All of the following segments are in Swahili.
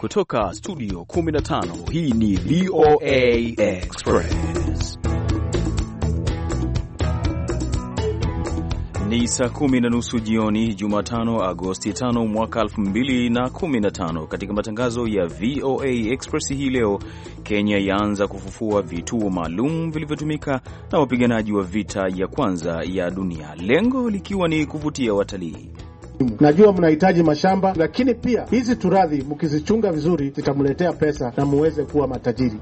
Kutoka studio 15 hii ni VOA Express. Ni saa kumi na nusu jioni Jumatano, Agosti 5 mwaka 2015. Katika matangazo ya VOA Express hii leo, Kenya yaanza kufufua vituo maalum vilivyotumika na wapiganaji wa vita ya kwanza ya dunia, lengo likiwa ni kuvutia watalii. Najua mnahitaji mashamba, lakini pia hizi turadhi mkizichunga vizuri zitamletea pesa na muweze kuwa matajiri.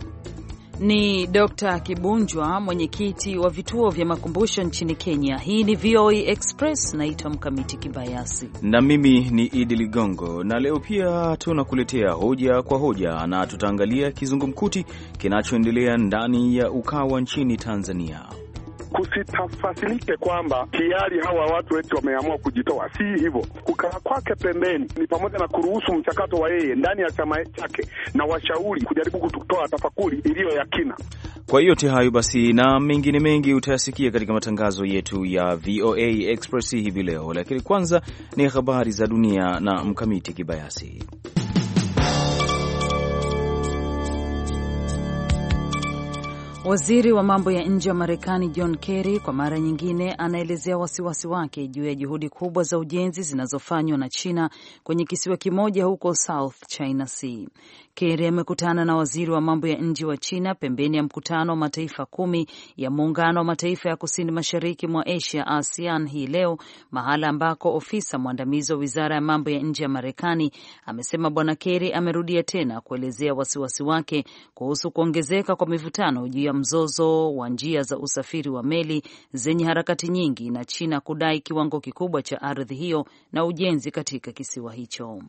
Ni Dr. Kibunjwa, mwenyekiti wa vituo vya makumbusho nchini Kenya. Hii ni VOA Express, naitwa Mkamiti Kibayasi na mimi ni Idi Ligongo, na leo pia tunakuletea hoja kwa hoja na tutaangalia kizungumkuti kinachoendelea ndani ya Ukawa nchini Tanzania kusitafasilike kwamba tayari hawa watu wetu wameamua kujitoa. Si hivyo, kukaa kwake pembeni ni pamoja na kuruhusu mchakato wa yeye ndani ya chama chake na washauri kujaribu kutoa tafakuri iliyo ya kina. Kwa yote hayo basi na mengine mengi utayasikia katika matangazo yetu ya VOA Express hivi leo, lakini kwanza ni habari za dunia na Mkamiti Kibayasi. Waziri wa mambo ya nje wa Marekani John Kerry kwa mara nyingine anaelezea wasiwasi wake juu ya juhudi kubwa za ujenzi zinazofanywa na China kwenye kisiwa kimoja huko South China Sea. Kerry amekutana na waziri wa mambo ya nje wa China pembeni ya mkutano wa mataifa kumi ya muungano wa mataifa ya kusini mashariki mwa Asia, ASEAN, hii leo, mahala ambako ofisa mwandamizi wa wizara ya mambo ya nje ya Marekani amesema Bwana Kerry amerudia tena kuelezea wasiwasi wake kuhusu kuongezeka kwa mivutano juu ya mzozo wa njia za usafiri wa meli zenye harakati nyingi na China kudai kiwango kikubwa cha ardhi hiyo na ujenzi katika kisiwa hicho.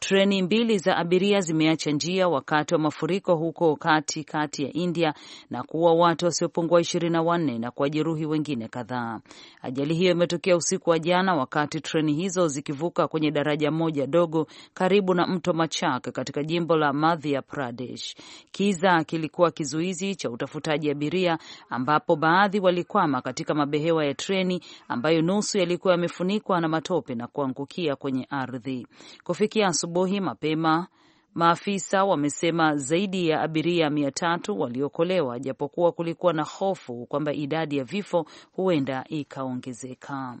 Treni mbili za abiria zimeacha njia wakati wa mafuriko huko kati kati ya India na kuua watu wasiopungua ishirini na wanne na kuwajeruhi wengine kadhaa. Ajali hiyo imetokea usiku wa jana wakati treni hizo zikivuka kwenye daraja moja dogo karibu na mto Machak katika jimbo la Madhya Pradesh. Kiza kilikuwa kizuizi cha utafutaji abiria, ambapo baadhi walikwama katika mabehewa ya treni ambayo nusu yalikuwa yamefunikwa na matope na kuangukia kwenye ardhi. Kufikia asubuhi mapema. Maafisa wamesema zaidi ya abiria mia tatu waliokolewa, japokuwa kulikuwa na hofu kwamba idadi ya vifo huenda ikaongezeka.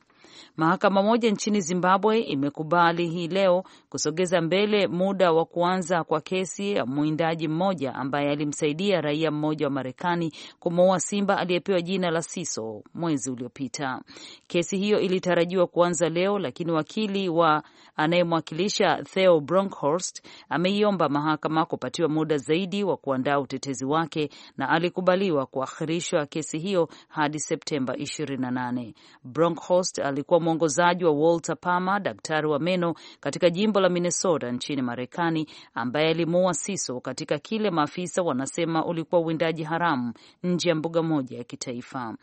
Mahakama moja nchini Zimbabwe imekubali hii leo kusogeza mbele muda wa kuanza kwa kesi ya mwindaji mmoja ambaye alimsaidia raia mmoja wa Marekani kumuua simba aliyepewa jina la Siso mwezi uliopita. Kesi hiyo ilitarajiwa kuanza leo, lakini wakili wa anayemwakilisha Theo Bronkhorst ameiomba mahakama kupatiwa muda zaidi wa kuandaa utetezi wake na alikubaliwa kuahirishwa kesi hiyo hadi Septemba 28. Bronkhorst ali alikuwa mwongozaji wa Walter Palmer, daktari wa meno katika jimbo la Minnesota nchini Marekani, ambaye alimuua Siso katika kile maafisa wanasema ulikuwa uwindaji haramu nje ya mbuga moja ya kitaifa.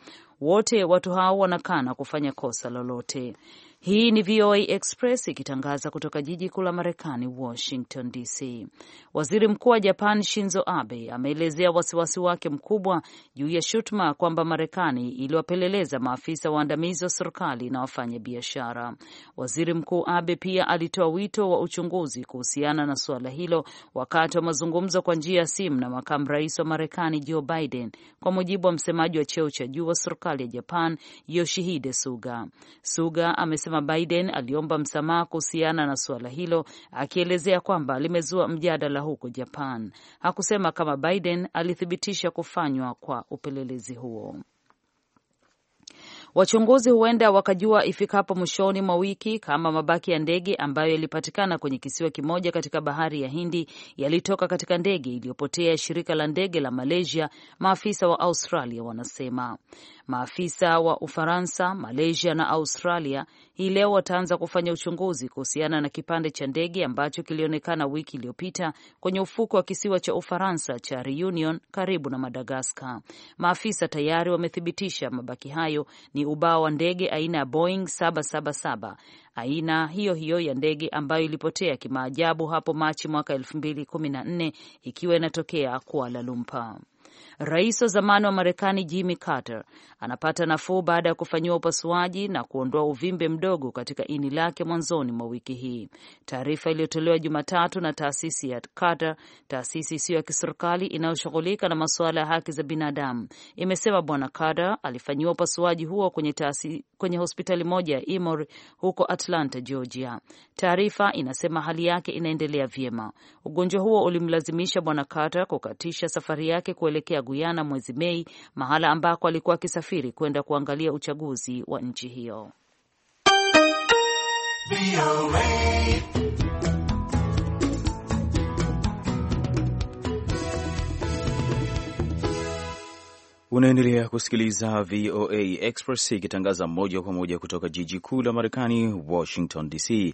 Wote watu hao wanakana kufanya kosa lolote. Hii ni VOA Express ikitangaza kutoka jiji kuu la Marekani, Washington DC. Waziri Mkuu wa Japan Shinzo Abe ameelezea wasiwasi wake mkubwa juu ya shutuma kwamba Marekani iliwapeleleza maafisa waandamizi wa serikali na wafanya biashara. Waziri Mkuu Abe pia alitoa wito wa uchunguzi kuhusiana na suala hilo wakati wa mazungumzo kwa njia ya simu na makamu rais wa Marekani Joe Biden, kwa mujibu wa msemaji wa cheo cha juu wa serikali ya Japan Yoshihide Suga. Suga amesema alisema Biden aliomba msamaha kuhusiana na suala hilo, akielezea kwamba limezua mjadala huko Japan. Hakusema kama Biden alithibitisha kufanywa kwa upelelezi huo. Wachunguzi huenda wakajua ifikapo mwishoni mwa wiki kama mabaki ya ndege ambayo yalipatikana kwenye kisiwa kimoja katika bahari ya Hindi yalitoka katika ndege iliyopotea ya shirika la ndege la Malaysia, maafisa wa Australia wanasema. Maafisa wa Ufaransa, Malaysia na Australia hii leo wataanza kufanya uchunguzi kuhusiana na kipande cha ndege ambacho kilionekana wiki iliyopita kwenye ufuko wa kisiwa cha Ufaransa cha Reunion karibu na Madagaskar. Maafisa tayari wamethibitisha mabaki hayo ni ubao wa ndege aina ya Boeing 777 aina hiyo hiyo ya ndege ambayo ilipotea kimaajabu hapo Machi mwaka 214 ikiwa inatokea Kuala Lumpur. Rais wa zamani wa Marekani Jimmy Carter anapata nafuu baada ya kufanyiwa upasuaji na kuondoa uvimbe mdogo katika ini lake mwanzoni mwa wiki hii. Taarifa iliyotolewa Jumatatu na taasisi ya Carter, taasisi isiyo ya kiserikali inayoshughulika na masuala ya haki za binadamu, imesema Bwana Carter alifanyiwa upasuaji huo kwenye, taasi, kwenye hospitali moja ya Emory huko Atlanta, Georgia. Taarifa inasema hali yake inaendelea vyema. Ugonjwa huo ulimlazimisha Bwana Carter kukatisha safari yake kuelekea kuelekea Guyana mwezi Mei, mahala ambako alikuwa akisafiri kwenda kuangalia uchaguzi wa nchi hiyo. Unaendelea kusikiliza VOA Express ikitangaza moja kwa moja kutoka jiji kuu la Marekani, Washington DC.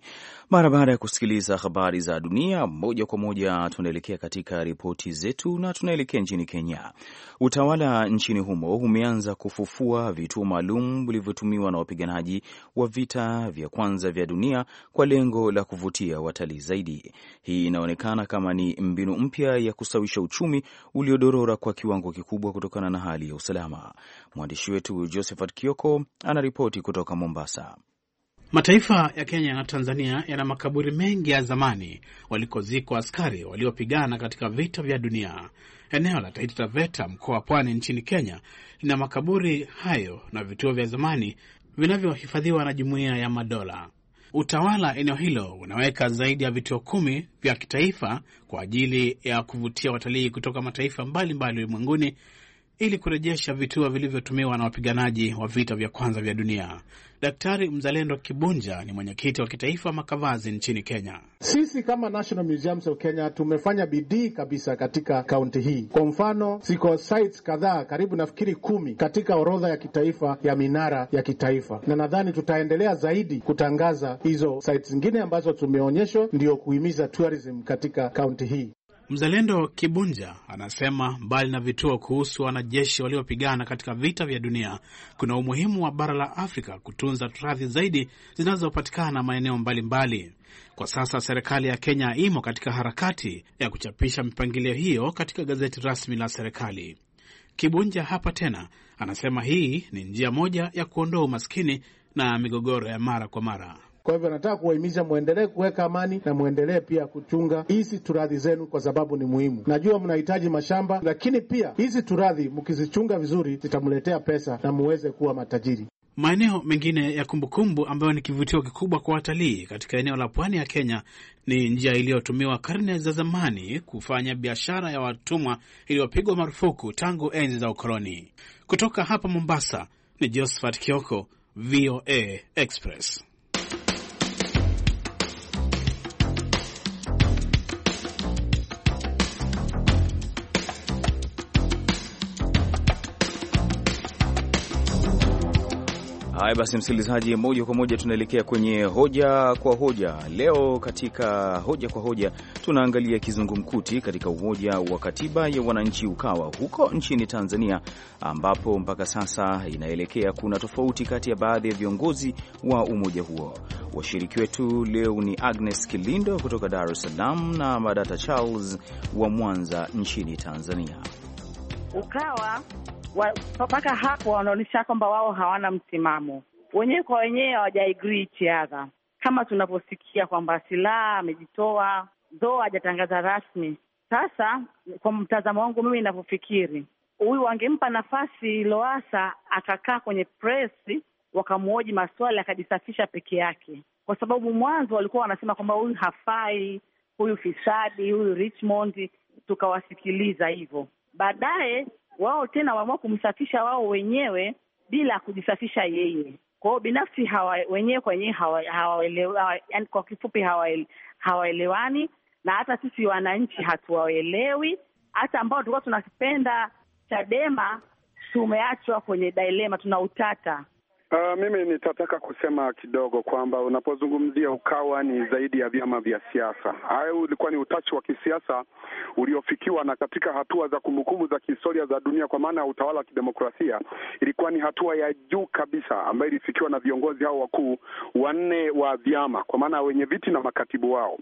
Mara baada ya kusikiliza habari za dunia moja kwa moja, tunaelekea katika ripoti zetu na tunaelekea nchini Kenya. Utawala nchini humo umeanza kufufua vituo maalum vilivyotumiwa na wapiganaji wa vita vya kwanza vya dunia kwa lengo la kuvutia watalii zaidi. Hii inaonekana kama ni mbinu mpya ya kusawisha uchumi uliodorora kwa kiwango kikubwa kutokana na hali hali ya usalama. Mwandishi wetu Josephat Kioko anaripoti kutoka Mombasa. Mataifa ya Kenya na Tanzania yana makaburi mengi ya zamani walikozikwa askari waliopigana katika vita vya dunia. Eneo la Taita Taveta, mkoa wa Pwani nchini Kenya, lina makaburi hayo na vituo vya zamani vinavyohifadhiwa na Jumuiya ya Madola. Utawala eneo hilo unaweka zaidi ya vituo kumi vya kitaifa kwa ajili ya kuvutia watalii kutoka mataifa mbalimbali ulimwenguni mbali ili kurejesha vituo vilivyotumiwa na wapiganaji wa vita vya kwanza vya dunia. Daktari Mzalendo Kibunja ni mwenyekiti wa kitaifa makavazi nchini Kenya. Sisi kama National Museums of Kenya tumefanya bidii kabisa katika kaunti hii. Kwa mfano, ziko sites kadhaa karibu nafikiri kumi katika orodha ya kitaifa ya minara ya kitaifa, na nadhani tutaendelea zaidi kutangaza hizo sites zingine ambazo tumeonyeshwa, ndio kuhimiza tourism katika kaunti hii. Mzalendo Kibunja anasema mbali na vituo kuhusu wanajeshi waliopigana katika vita vya dunia, kuna umuhimu wa bara la Afrika kutunza turathi zaidi zinazopatikana maeneo mbalimbali. Kwa sasa serikali ya Kenya imo katika harakati ya kuchapisha mipangilio hiyo katika gazeti rasmi la serikali. Kibunja hapa tena anasema hii ni njia moja ya kuondoa umaskini na migogoro ya mara kwa mara. Kwa hivyo nataka kuwahimiza mwendelee kuweka amani na mwendelee pia kuchunga hizi turadhi zenu, kwa sababu ni muhimu. Najua mnahitaji mashamba, lakini pia hizi turadhi mkizichunga vizuri zitamletea pesa na muweze kuwa matajiri. Maeneo mengine ya kumbukumbu ambayo ni kivutio kikubwa kwa watalii katika eneo la pwani ya Kenya ni njia iliyotumiwa karne za zamani kufanya biashara ya watumwa iliyopigwa marufuku tangu enzi za ukoloni. Kutoka hapa Mombasa ni Josephat Kioko, VOA Express. Haya basi, msikilizaji, moja kwa moja tunaelekea kwenye hoja kwa hoja. Leo katika hoja kwa hoja tunaangalia kizungumkuti katika Umoja wa Katiba ya Wananchi Ukawa huko nchini Tanzania, ambapo mpaka sasa inaelekea kuna tofauti kati ya baadhi ya viongozi wa umoja huo. Washiriki wetu leo ni Agnes Kilindo kutoka Dar es Salaam na Madata Charles wa Mwanza nchini Tanzania. Ukawa mpaka hapo wanaonyesha kwamba wao hawana msimamo wenyewe kwa wenyewe, hawajaagree each other, kama tunavyosikia kwamba silaha amejitoa dho hajatangaza rasmi. Sasa kwa mtazamo wangu mimi inavyofikiri huyu wangempa nafasi Loasa akakaa kwenye press, wakamwoji maswali akajisafisha peke yake, kwa sababu mwanzo walikuwa wanasema kwamba huyu hafai, huyu fisadi, huyu Richmond, tukawasikiliza hivyo. Baadaye wao tena waamua kumsafisha wao wenyewe bila kujisafisha yeye. Kwa hiyo binafsi hawa, wenyewe kwa wenyewe hawaelewani, yani kwa kifupi hawaelewani, na hata sisi wananchi hatuwaelewi. Hata ambao tulikuwa tunapenda Chadema tumeachwa kwenye dilema, tuna utata Uh, mimi nitataka kusema kidogo kwamba unapozungumzia Ukawa ni zaidi ya vyama vya siasa. Hayo ulikuwa ni utashi wa kisiasa uliofikiwa na katika hatua za kumbukumbu za kihistoria za dunia kwa maana ya utawala wa kidemokrasia, ilikuwa ni hatua ya juu kabisa ambayo ilifikiwa na viongozi hao wakuu wanne wa vyama, kwa maana ya wenye viti na makatibu wao.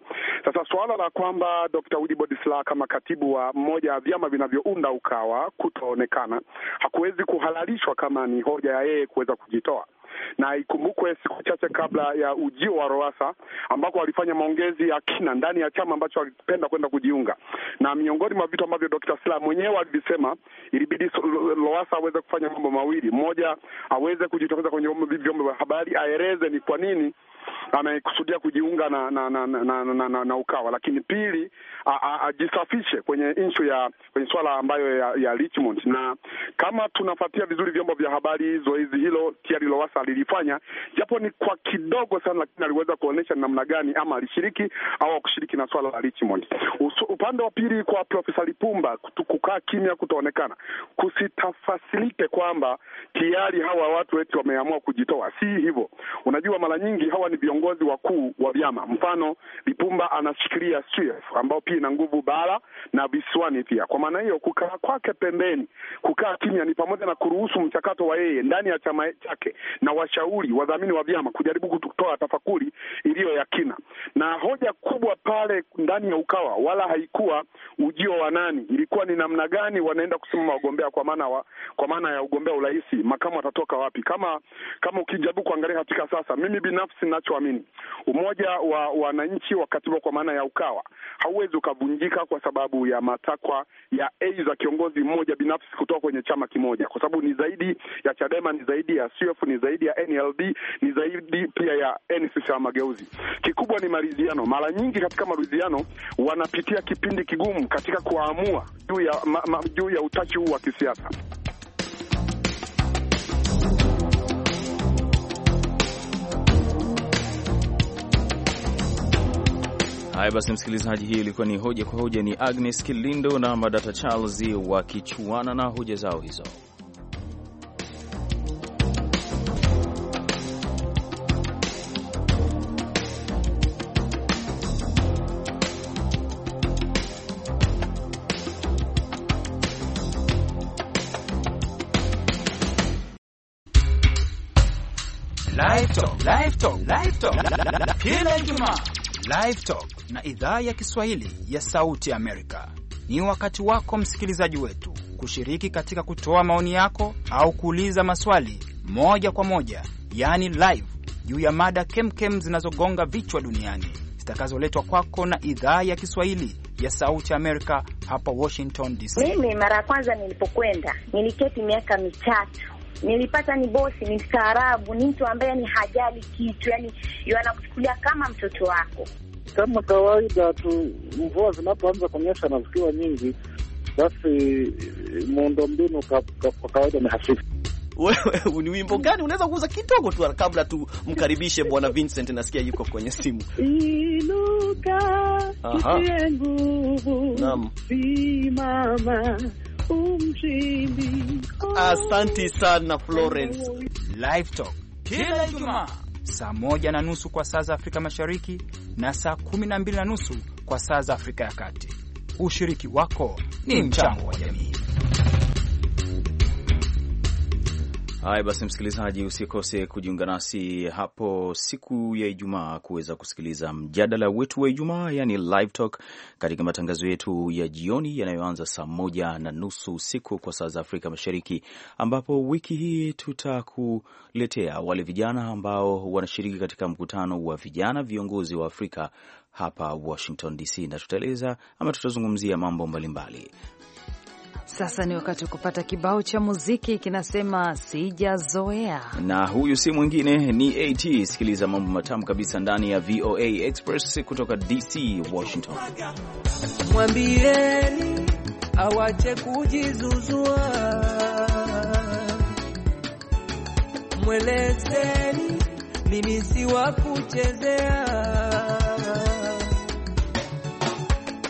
Sasa suala la kwamba Dr. Willibrod Slaa kama katibu wa mmoja ya vyama vinavyounda Ukawa kutoonekana hakuwezi kuhalalishwa kama ni hoja ya yeye kuweza kujitoa na ikumbukwe, siku chache kabla ya ujio wa roasa ambako walifanya maongezi ya kina ndani ya chama ambacho walipenda kwenda kujiunga, na miongoni mwa vitu ambavyo Dr. Slaa mwenyewe alivisema, ilibidi roasa aweze kufanya mambo mawili: moja, aweze kujitokeza kwenye vyombo vya habari aeleze ni kwa nini amekusudia kujiunga na na na, na, na, na, na Ukawa, lakini pili ajisafishe kwenye inshu ya kwenye swala ambayo ya, ya Richmond, na kama tunafuatia vizuri vyombo vya habari, zoezi hilo tiari Lowassa alilifanya, japo ni kwa kidogo sana, lakini aliweza kuonyesha namna gani ama alishiriki au kushiriki na swala la Richmond. Upande wa pili kwa Profesa Lipumba kukaa kimya, kutoonekana, kusitafasilike kwamba tayari hawa watu wetu wameamua kujitoa. Si hivyo, unajua mara nyingi hawa ni viongozi wakuu wa vyama. Mfano, Lipumba anashikilia CUF ambao pia ina nguvu bara na visiwani pia. Kwa maana hiyo, kukaa kwake pembeni, kukaa kimya, ni pamoja na kuruhusu mchakato wa yeye ndani ya chama chake na washauri wadhamini wa vyama kujaribu kutoa tafakuri iliyo ya kina, na hoja kubwa pale ndani ya Ukawa wala haikuwa ujio wa nani, ilikuwa ni namna gani wanaenda kusimama wagombea, kwa maana wa, kwa maana ya ugombea urais, makamu atatoka wapi? Kama kama ukijaribu kuangalia katika sasa, mimi binafsi na tunachoamini. Umoja wa wananchi wa katiba kwa maana ya Ukawa hauwezi ukavunjika kwa sababu ya matakwa ya za kiongozi mmoja binafsi kutoka kwenye chama kimoja, kwa sababu ni zaidi ya Chadema, ni zaidi ya CUF, ni zaidi ya NLD, ni zaidi pia ya NCCR Mageuzi. Kikubwa ni maridhiano. Mara nyingi katika maridhiano wanapitia kipindi kigumu katika kuamua juu ya, ma, ma, juu ya utashi huu wa kisiasa. Haya basi, msikilizaji, hii ilikuwa ni hoja kwa hoja. Ni Agnes Kilindo na Madata Charles wakichuana na hoja zao hizo. Live Talk, Live Talk, Live Talk kila Ijumaa. Live Talk na idhaa ya Kiswahili ya Sauti Amerika. Ni wakati wako msikilizaji wetu kushiriki katika kutoa maoni yako au kuuliza maswali moja kwa moja, yaani live, juu ya mada kemkem zinazogonga vichwa duniani zitakazoletwa kwako na idhaa ya Kiswahili ya Sauti Amerika hapa Washington DC. Mimi mara ya kwanza nilipokwenda niliketi miaka mitatu nilipata ni bosi, ni mstaarabu, ni mtu ambaye ni hajali kitu, yani yanakuchukulia kama mtoto wako. Kama kawaida tu, mvua zinapoanza kunyesha na zikiwa nyingi, basi eh, muundombinu kwa kawaida ni hafifu. Wewe ni wimbo gani unaweza kuuza kidogo tu kabla tumkaribishe Bwana Vincent, nasikia yuko kwenye simu. Inuka usiye nguvu, simama umshindi. Asanti sana Florence. Live Talk kila Ijumaa saa moja na nusu kwa saa za Afrika Mashariki na saa 12 na nusu kwa saa za Afrika ya Kati. Ushiriki wako ni mchango wa jamii. Haya basi, msikilizaji, usikose kujiunga nasi hapo siku ya Ijumaa kuweza kusikiliza mjadala wetu wa Ijumaa, yani live talk, katika matangazo yetu ya jioni yanayoanza saa moja na nusu usiku kwa saa za Afrika Mashariki, ambapo wiki hii tutakuletea wale vijana ambao wanashiriki katika mkutano wa vijana viongozi wa Afrika hapa Washington DC, na tutaeleza ama tutazungumzia mambo mbalimbali mbali. Sasa ni wakati wa kupata kibao cha muziki kinasema sijazoea, na huyu si mwingine ni AT. Sikiliza mambo matamu kabisa ndani ya VOA Express kutoka DC, Washington. Mwambieni awache kujizuzua, mwelezeni mimi si wa kuchezea,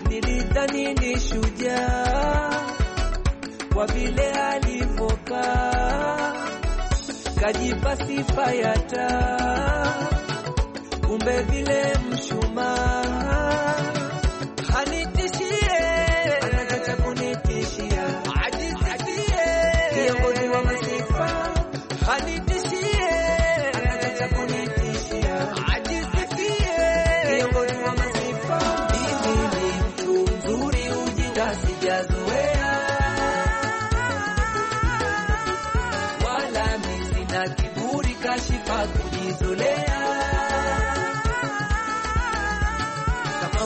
nilidhani ni shujaa kwa vile alivyokaa, kajipa sifa ya taa, kumbe vile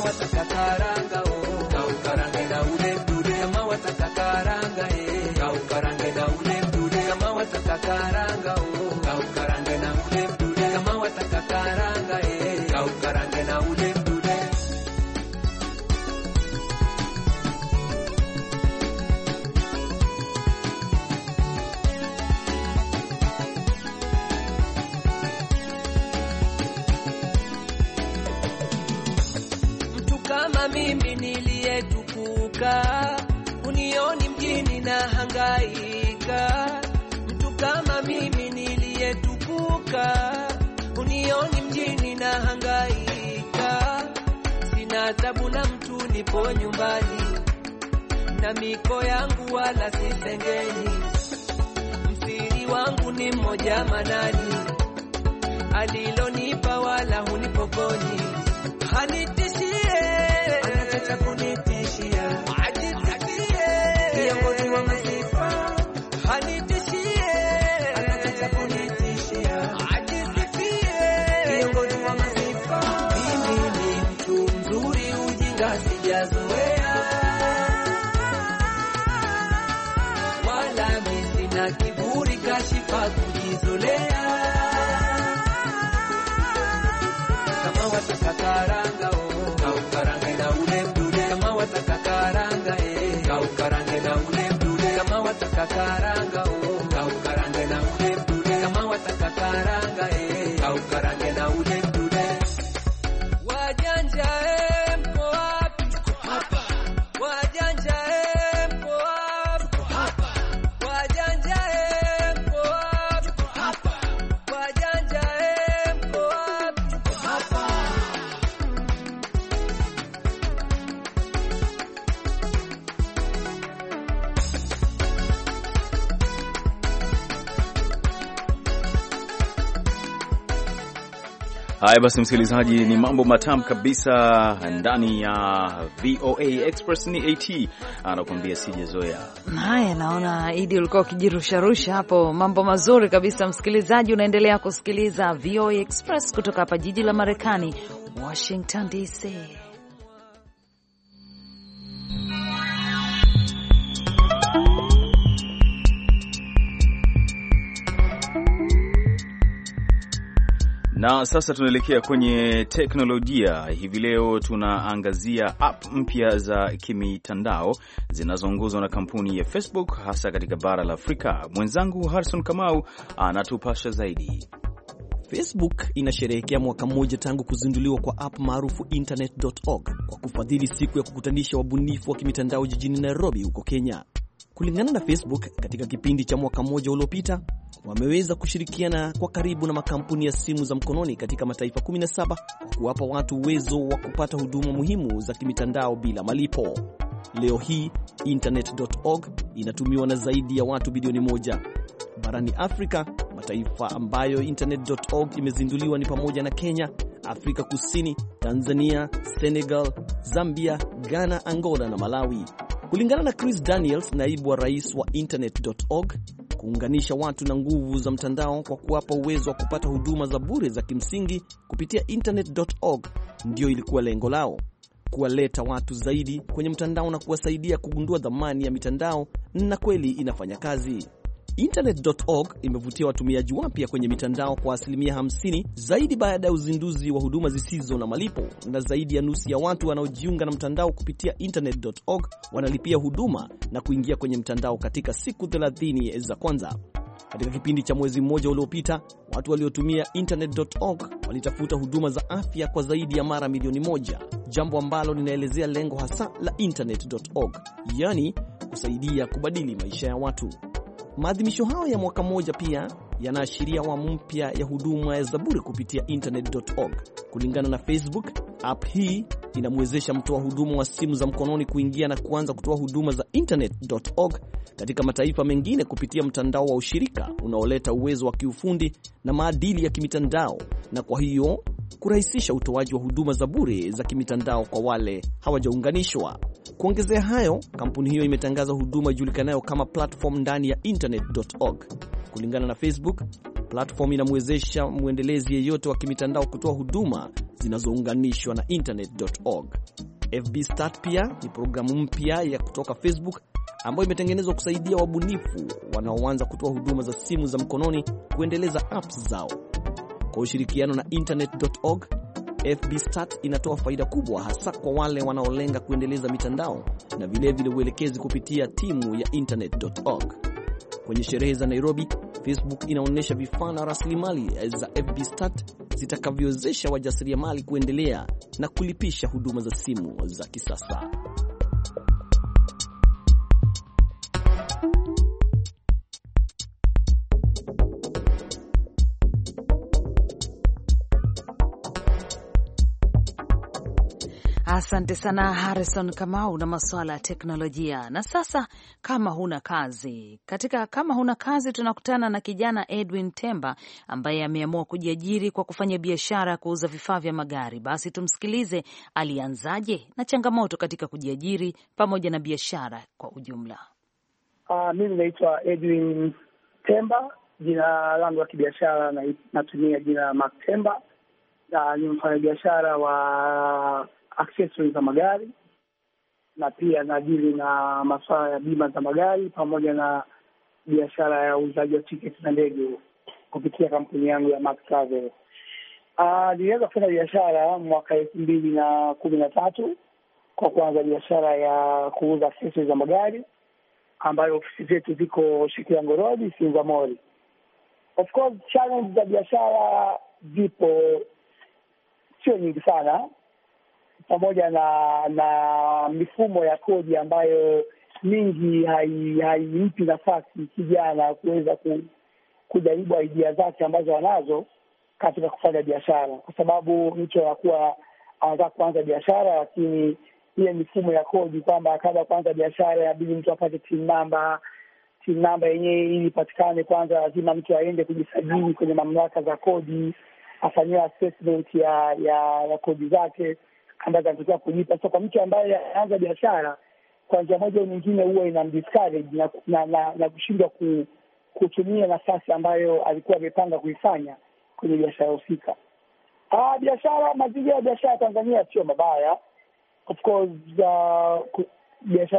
wata kasara niko nyumbani na miko yangu wala sitengeni. Msiri wangu ni mmoja manani, alilonipa wala hunipokoni hani cara Haya basi, msikilizaji, ni mambo matamu kabisa ndani ya VOA Express. Ni AT anakuambia sijazoea. Haya, naona Idi ulikuwa ukijirusharusha hapo, mambo mazuri kabisa. Msikilizaji, unaendelea kusikiliza VOA Express kutoka hapa jiji la Marekani, Washington DC. Na sasa tunaelekea kwenye teknolojia. Hivi leo tunaangazia app mpya za kimitandao zinazoongozwa na kampuni ya Facebook hasa katika bara la Afrika. Mwenzangu Harrison Kamau anatupasha zaidi. Facebook inasherehekea mwaka mmoja tangu kuzinduliwa kwa app maarufu internet.org kwa kufadhili siku ya kukutanisha wabunifu wa kimitandao jijini Nairobi huko Kenya. Kulingana na Facebook, katika kipindi cha mwaka mmoja uliopita wameweza kushirikiana kwa karibu na makampuni ya simu za mkononi katika mataifa 17 kwa kuwapa watu uwezo wa kupata huduma muhimu za kimitandao bila malipo. Leo hii internet.org inatumiwa na zaidi ya watu bilioni moja barani Afrika. Mataifa ambayo internet.org imezinduliwa ni pamoja na Kenya, Afrika Kusini, Tanzania, Senegal, Zambia, Ghana, Angola na Malawi. Kulingana na Chris Daniels, naibu wa rais wa Internet.org, kuunganisha watu na nguvu za mtandao kwa kuwapa uwezo wa kupata huduma za bure za kimsingi kupitia Internet.org ndiyo ilikuwa lengo lao, kuwaleta watu zaidi kwenye mtandao na kuwasaidia kugundua dhamani ya mitandao na kweli inafanya kazi. Internet.org imevutia watumiaji wapya kwenye mitandao kwa asilimia 50 zaidi baada ya uzinduzi wa huduma zisizo na malipo, na zaidi ya nusu ya watu wanaojiunga na mtandao kupitia Internet.org wanalipia huduma na kuingia kwenye mtandao katika siku 30 za kwanza. Katika kipindi cha mwezi mmoja uliopita, watu waliotumia internet.org walitafuta huduma za afya kwa zaidi ya mara milioni moja, jambo ambalo linaelezea lengo hasa la internet.org, yaani kusaidia kubadili maisha ya watu. Maadhimisho hayo ya mwaka mmoja pia yanaashiria awamu mpya ya huduma ya zaburi kupitia internet.org. Kulingana na Facebook, app hii inamwezesha mtoa huduma wa simu za mkononi kuingia na kuanza kutoa huduma za internet.org katika mataifa mengine kupitia mtandao wa ushirika unaoleta uwezo wa kiufundi na maadili ya kimitandao, na kwa hiyo kurahisisha utoaji wa huduma za bure za kimitandao kwa wale hawajaunganishwa. Kuongezea hayo, kampuni hiyo imetangaza huduma ijulikanayo kama platform ndani ya internet.org. Kulingana na Facebook, platform inamwezesha mwendelezi yeyote wa kimitandao kutoa huduma zinazounganishwa na internet.org. FB Start pia ni programu mpya ya kutoka Facebook ambayo imetengenezwa kusaidia wabunifu wanaoanza kutoa huduma za simu za mkononi kuendeleza apps zao kwa ushirikiano na internet.org. FBStat inatoa faida kubwa hasa kwa wale wanaolenga kuendeleza mitandao na vilevile uelekezi kupitia timu ya internet.org. Kwenye sherehe za Nairobi, Facebook inaonyesha vifaa na rasilimali za FBStat zitakavyowezesha wajasiriamali kuendelea na kulipisha huduma za simu za kisasa. Asante sana Harrison Kamau na masuala ya teknolojia. Na sasa kama huna kazi, katika kama huna kazi tunakutana na kijana Edwin Temba ambaye ameamua kujiajiri kwa kufanya biashara ya kuuza vifaa vya magari. Basi tumsikilize alianzaje na changamoto katika kujiajiri pamoja na biashara kwa ujumla. Uh, mimi naitwa Edwin Temba, jina langu la kibiashara natumia jina la Mark Temba, ah, ni mfanyabiashara wa accessories za magari na pia naajiri na masuala ya bima za magari pamoja na biashara ya uuzaji wa tiketi za ndege kupitia kampuni yangu ya Max Travel. Ah, Niliweza kufanya biashara mwaka elfu mbili na kumi na tatu kwa kuanza biashara ya kuuza accessories za magari ambayo ofisi zetu ziko Shikilango Road, Sinza Mori. Of course challenge za biashara zipo sio nyingi sana, pamoja na na mifumo ya kodi ambayo mingi haimpi hai nafasi kijana kuweza ku, kujaribu aidia zake ambazo anazo katika kufanya biashara, kwa sababu mtu anakuwa anataka kuanza biashara, lakini ile mifumo ya kodi kwamba kabla ya kuanza biashara inabidi mtu apate TIN namba. TIN namba yenyewe ili ipatikane, kwanza lazima mtu aende kujisajili kwenye mamlaka za kodi, afanyiwe assessment ya, ya, ya kodi zake ambazo anatakiwa kulipa. So kwa mtu ambaye anaanza biashara kwa njia moja au nyingine, huwa ina mdiscourage na, na, na, na kushindwa ku, kutumia nafasi ambayo alikuwa amepanga kuifanya kwenye biashara husika. Ah, biashara, mazingira ya biashara Tanzania sio mabaya of course. Uh,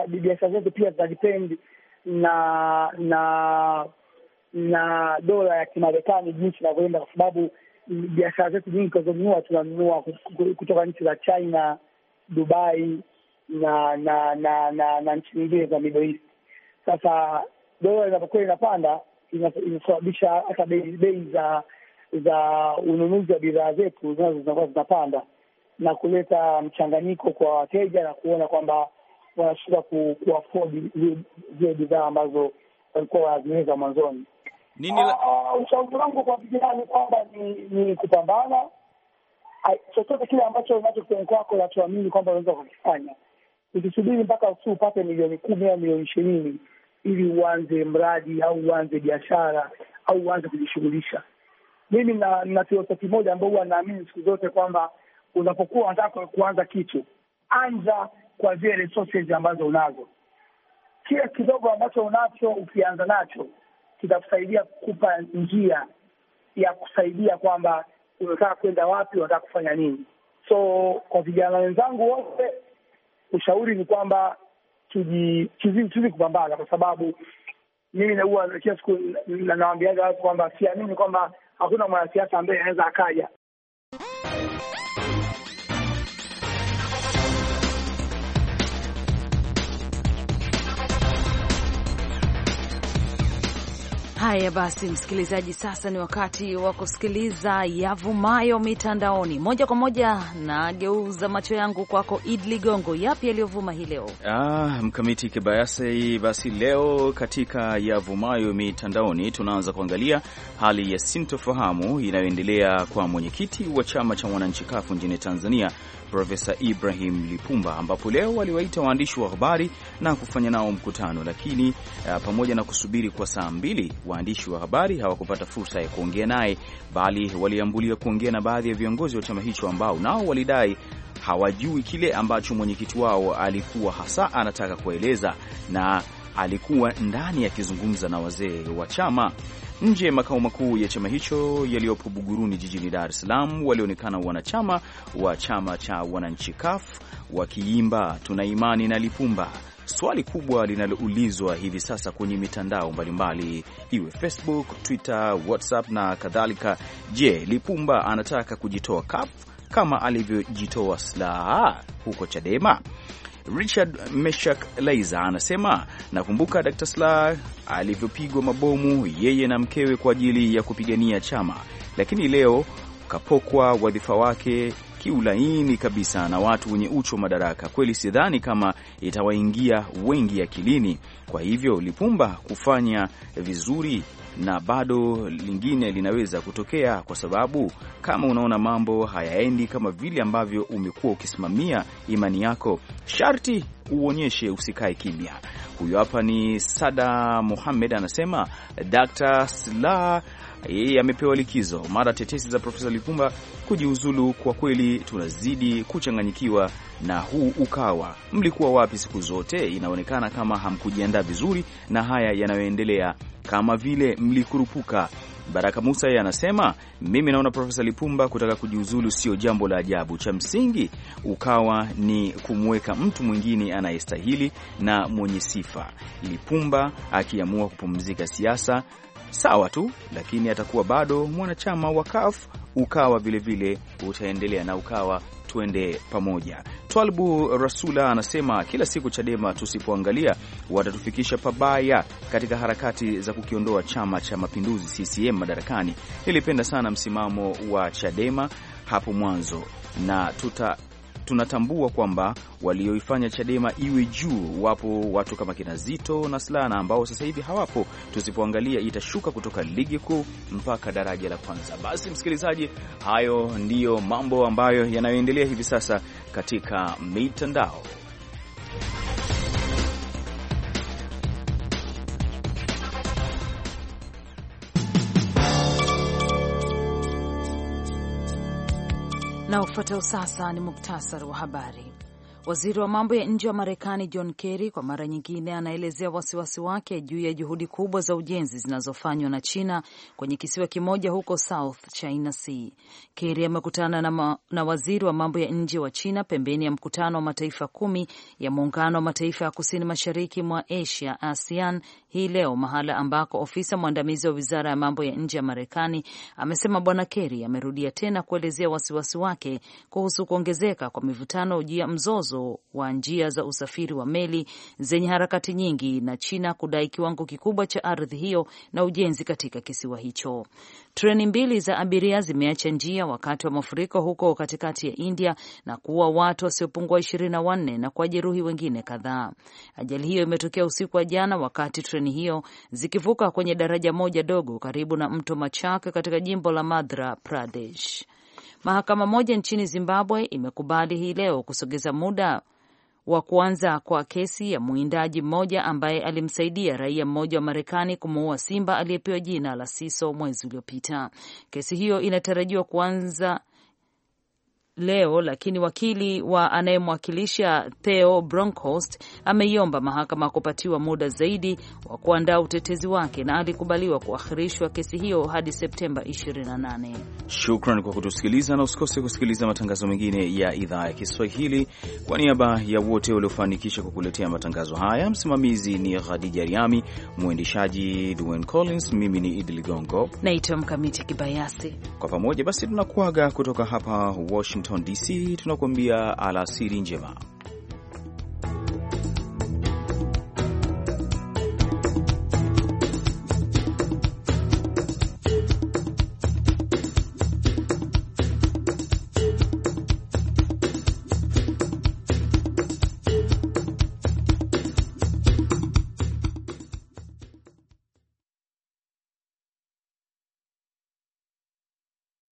biashara zetu pia zina na na na dola ya Kimarekani jinsi inavyoenda, kwa sababu biashara zetu nyingi tunazonunua tunanunua kutoka nchi za China, Dubai na na na na, na nchi nyingine za Middle East. Sasa dola inapokuwa inapanda inasababisha hata bei za za ununuzi wa bidhaa zetu zinazo zinakuwa zinapanda na kuleta mchanganyiko kwa wateja na kuona kwamba wanashindwa kuafodi zile bidhaa ambazo walikuwa wanaziweza mwanzoni nini ah, ah, ushauri wangu kwa vijana ni kwamba ni, ni kupambana chochote kile ambacho unacho kwenye kwako unachoamini kwamba unaweza kukifanya, ukisubiri mpaka usi upate milioni kumi au milioni ishirini ili uanze mradi au uanze biashara au uanze kujishughulisha. Mimi na, na filosofi moja ambayo huwa naamini siku zote kwamba unapokuwa unataka kuanza kitu, anza kwa zile resources ambazo unazo. Kile kidogo ambacho unacho ukianza nacho kitakusaidia kukupa njia ya kusaidia kwamba unataka kwenda wapi, unataka kufanya nini. So kwa vijana wenzangu wote, ushauri ni kwamba tuji tuzidi kupambana, kwa sababu mimi huwa kila siku nawaambiaga watu kwamba siamini kwamba hakuna mwanasiasa ambaye anaweza akaja Haya basi, msikilizaji, sasa ni wakati wa kusikiliza yavumayo mitandaoni moja kwa moja. Nageuza macho yangu kwako, Id Ligongo, yapi yaliyovuma hii leo? Ah, mkamiti kibayasi. Basi leo katika yavumayo mitandaoni tunaanza kuangalia hali ya sintofahamu inayoendelea kwa mwenyekiti wa chama cha wananchi kafu nchini Tanzania Profesa Ibrahim Lipumba ambapo leo waliwaita waandishi wa habari na kufanya nao mkutano, lakini ah, pamoja na kusubiri kwa saa mbili waandishi wa habari hawakupata fursa ya kuongea naye, bali waliambulia kuongea na baadhi ya viongozi wa chama hicho ambao nao walidai hawajui kile ambacho mwenyekiti wao alikuwa hasa anataka kueleza, na alikuwa ndani akizungumza na wazee wa chama nje ya makao makuu ya chama hicho yaliyopo Buguruni jijini Dar es Salaam. Walionekana wanachama wa chama cha wananchi CUF wakiimba tuna imani na Lipumba Swali kubwa linaloulizwa hivi sasa kwenye mitandao mbalimbali, iwe Facebook, Twitter, WhatsApp na kadhalika, je, Lipumba anataka kujitoa CUF kama alivyojitoa slaha huko Chadema? Richard Meshak Laiza anasema nakumbuka Dr. Slaa alivyopigwa mabomu yeye na mkewe kwa ajili ya kupigania chama, lakini leo kapokwa wadhifa wake kiulaini kabisa na watu wenye uchu wa madaraka. Kweli sidhani kama itawaingia wengi akilini. Kwa hivyo Lipumba kufanya vizuri na bado lingine linaweza kutokea, kwa sababu kama unaona mambo hayaendi kama vile ambavyo umekuwa ukisimamia imani yako, sharti uonyeshe, usikae kimya. huyu hapa ni Sada Muhamed anasema Dr. Sla yeye amepewa likizo mara tetesi za Profesa Lipumba kujiuzulu. Kwa kweli tunazidi kuchanganyikiwa na huu Ukawa. Mlikuwa wapi siku zote? Inaonekana kama hamkujiandaa vizuri na haya yanayoendelea, kama vile mlikurupuka. Baraka Musa yeye anasema mimi naona Profesa Lipumba kutaka kujiuzulu sio jambo la ajabu. Cha msingi Ukawa ni kumweka mtu mwingine anayestahili na mwenye sifa. Lipumba akiamua kupumzika siasa sawa tu, lakini atakuwa bado mwanachama wa CAF. Ukawa vilevile utaendelea na Ukawa tuende pamoja. Twalbu Rasula anasema kila siku Chadema tusipoangalia watatufikisha pabaya katika harakati za kukiondoa chama cha mapinduzi CCM madarakani. Nilipenda sana msimamo wa Chadema hapo mwanzo na tuta tunatambua kwamba walioifanya Chadema iwe juu wapo watu kama kina Zito na Slana ambao sasa hivi hawapo. Tusipoangalia itashuka kutoka ligi kuu mpaka daraja la kwanza. Basi msikilizaji, hayo ndiyo mambo ambayo yanayoendelea hivi sasa katika mitandao. Na ufuatao sasa ni muktasari wa habari. Waziri wa mambo ya nje wa Marekani John Kerry kwa mara nyingine anaelezea wasiwasi wake juu ya juhudi kubwa za ujenzi zinazofanywa na China kwenye kisiwa kimoja huko South China Sea. Kerry amekutana na, na waziri wa mambo ya nje wa China pembeni ya mkutano wa mataifa kumi ya muungano wa mataifa ya kusini mashariki mwa Asia, ASEAN, hii leo, mahala ambako ofisa mwandamizi wa wizara ya mambo ya nje ya Marekani amesema Bwana Kerry amerudia tena kuelezea wasiwasi wake kuhusu kuongezeka kwa mivutano juu ya mzozo mzozo wa njia za usafiri wa meli zenye harakati nyingi na China kudai kiwango kikubwa cha ardhi hiyo na ujenzi katika kisiwa hicho. Treni mbili za abiria zimeacha njia wakati wa mafuriko huko katikati ya India na kuua watu wasiopungua ishirini na wanne na kuwajeruhi wengine kadhaa. Ajali hiyo imetokea usiku wa jana wakati treni hiyo zikivuka kwenye daraja moja dogo karibu na mto Machak katika jimbo la Madhya Pradesh. Mahakama moja nchini Zimbabwe imekubali hii leo kusogeza muda wa kuanza kwa kesi ya mwindaji mmoja ambaye alimsaidia raia mmoja wa Marekani kumuua simba aliyepewa jina la Siso mwezi uliopita. Kesi hiyo inatarajiwa kuanza leo, lakini wakili wa anayemwakilisha Theo Bronkhorst ameiomba mahakama kupatiwa muda zaidi wa kuandaa utetezi wake na alikubaliwa kuahirishwa kesi hiyo hadi Septemba 28. Shukran kwa kutusikiliza na usikose kusikiliza matangazo mengine ya idhaa ya Kiswahili. Kwa niaba ya wote waliofanikisha kukuletea matangazo haya, msimamizi ni Khadija Riami, mwendeshaji Dwayne Collins, mimi ni Idi Ligongo naitwa Mkamiti Kibayasi. Kwa pamoja basi tunakuaga kutoka hapa Washington Washington DC tunakuambia alasiri njema.